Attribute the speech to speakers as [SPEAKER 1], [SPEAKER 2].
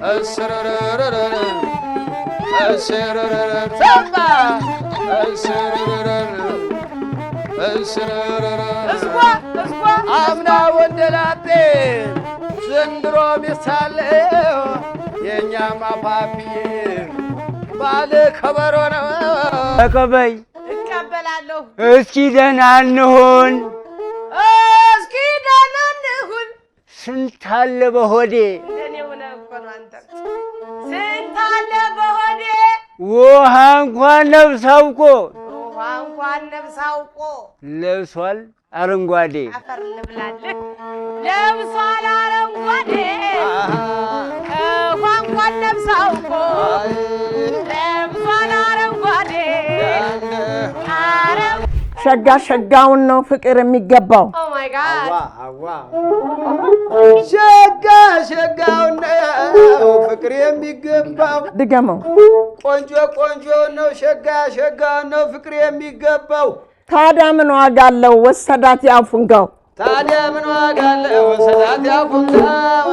[SPEAKER 1] አምና ወንደላጤ ዘንድሮ ሚሳለ የእኛም አባብዬ ባለ ከበሮ ነው።
[SPEAKER 2] ተቀበይ
[SPEAKER 3] እቀበላለሁ።
[SPEAKER 2] እስኪ ደህና እንሁን
[SPEAKER 3] እስኪ ደህና እንሁን
[SPEAKER 2] ስንታለ በሆዴ
[SPEAKER 3] ስንታለ በሆዴ
[SPEAKER 2] ውሃ እንኳን ነብስ አውቆ
[SPEAKER 3] ውሃ እንኳን ነብስ አውቆ
[SPEAKER 2] ለብሷል አረንጓዴ
[SPEAKER 3] ለብሷል አረንጓዴ ውሃ እንኳን አውቆ ለብሷል አረንጓዴ
[SPEAKER 2] ሸጋ ሸጋውን ነው ፍቅር የሚገባው
[SPEAKER 1] ሸጋ ሸጋውን ፍቅር የሚገባው ድገመው። ቆንጆ ቆንጆ ነው፣ ሸጋ ሸጋ ነው ፍቅር የሚገባው።
[SPEAKER 2] ታዲያ ምን ዋጋ አለው ወሰዳት ያፉንጋው።
[SPEAKER 1] ታዲያ ምን ዋጋ አለው ወሰዳት ያፉንጋው።